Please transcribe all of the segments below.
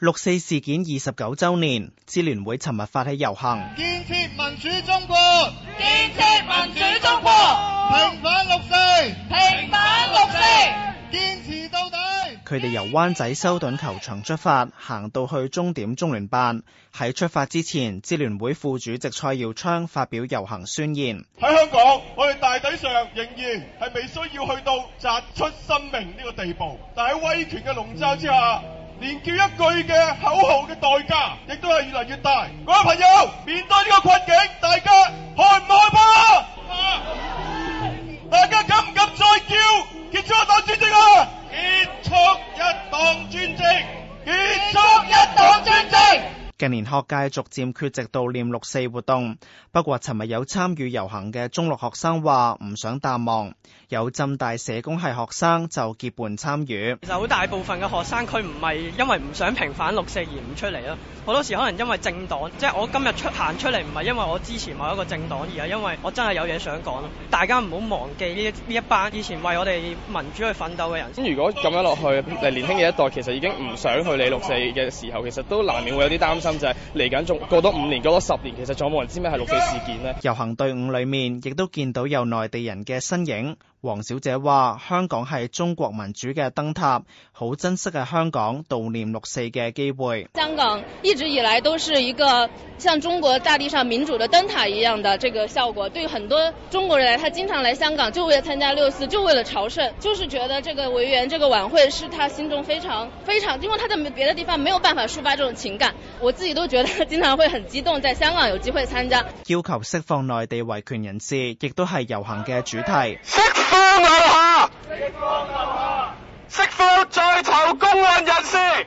六四事件二十九周年，支聯會尋日發起遊行，建設民主中國，建設民，民主中國，平反六四，平反六四，堅持到底。佢哋由灣仔修頓球場出發，行到去終點中聯辦。喺出發之前，支聯會副主席蔡耀昌發表遊行宣言。喺香港，我哋大體上仍然係未需要去到砸出生命呢個地步，但喺威權嘅籠罩之下。嗯連叫一句嘅口號嘅代價亦都係越來越大。各位朋友，面對呢個困境，大家害唔害怕、啊？大家敢唔敢再？近年學界逐漸缺席悼念六四活動，不過尋日有參與遊行嘅中六學生話唔想淡忘，有浸大社工系學生就結伴參與。其實好大部分嘅學生佢唔係因為唔想平反六四而唔出嚟咯，好多時可能因為政黨，即係我今日出行出嚟唔係因為我支持某一個政黨，而係因為我真係有嘢想講。大家唔好忘記呢呢一班以前為我哋民主去奮鬥嘅人。如果咁樣落去，年輕嘅一代其實已經唔想去理六四嘅時候，其實都難免會有啲擔心。就嚟緊仲過多五年，過多十年，其實仲有冇人知咩係六四事件咧？遊行隊伍裏面亦都見到有內地人嘅身影。黃小姐話，香港係中國民主嘅燈塔，好珍惜嘅香港悼念六四嘅機會。香港一直以來都是一個。像中國大地上民主的燈塔一樣的這個效果，對很多中國人來，他經常來香港，就為了參加六四，就為了朝聖，就是覺得這個維園這個晚會是他心中非常非常，因為他在別的地方沒有辦法抒發這種情感。我自己都覺得他經常會很激動，在香港有機會參加。要求釋放內地維權人士，亦都係遊行嘅主題。釋放啊！釋放啊！釋放在囚公安人。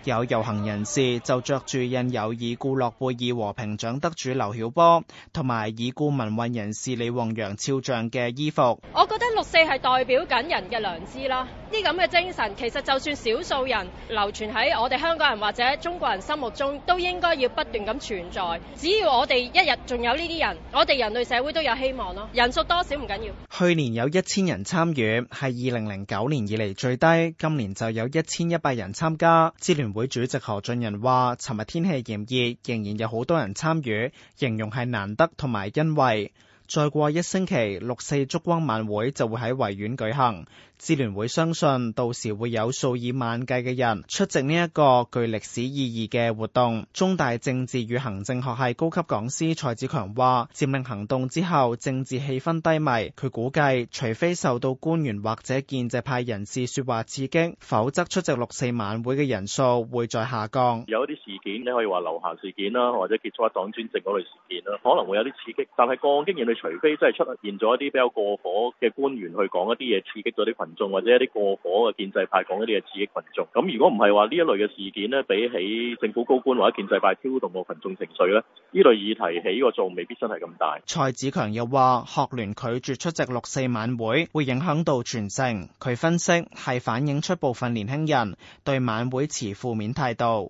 有遊行人士就着住印有已故諾貝爾和平獎得主劉曉波同埋已故民運人士李旺陽肖像嘅衣服。我覺得六四係代表緊人嘅良知啦，呢咁嘅精神其實就算少數人流傳喺我哋香港人或者中國人心目中，都應該要不斷咁存在。只要我哋一日仲有呢啲人，我哋人類社會都有希望咯。人數多少唔緊要。去年有一千人參與，係二零零九年以嚟最低，今年就有一千一百人參加。支聯會主席何俊仁話，尋日天氣炎熱，仍然有好多人參與，形容係難得同埋欣慰。再過一星期，六四燭光晚會就會喺維園舉行。支聯會相信，到時會有數以萬計嘅人出席呢一個具歷史意義嘅活動。中大政治與行政學系高級講師蔡子強話，佔領行動之後，政治氣氛低迷，佢估計，除非受到官員或者建制派人士說話刺激，否則出席六四晚會嘅人數會再下降。有一啲事件，你可以話流行事件啦，或者結束一黨專政嗰類事件啦，可能會有啲刺激。但係過經驗類。除非真係出現咗一啲比較過火嘅官員去講一啲嘢刺激咗啲群眾，或者一啲過火嘅建制派講一啲嘢刺激群眾。咁如果唔係話呢一類嘅事件呢，比起政府高官或者建制派挑動個群眾情緒呢，呢類議題起個作用未必真係咁大。蔡子強又話：學聯拒絕出席六四晚會，會影響到全城。佢分析係反映出部分年輕人對晚會持負面態度。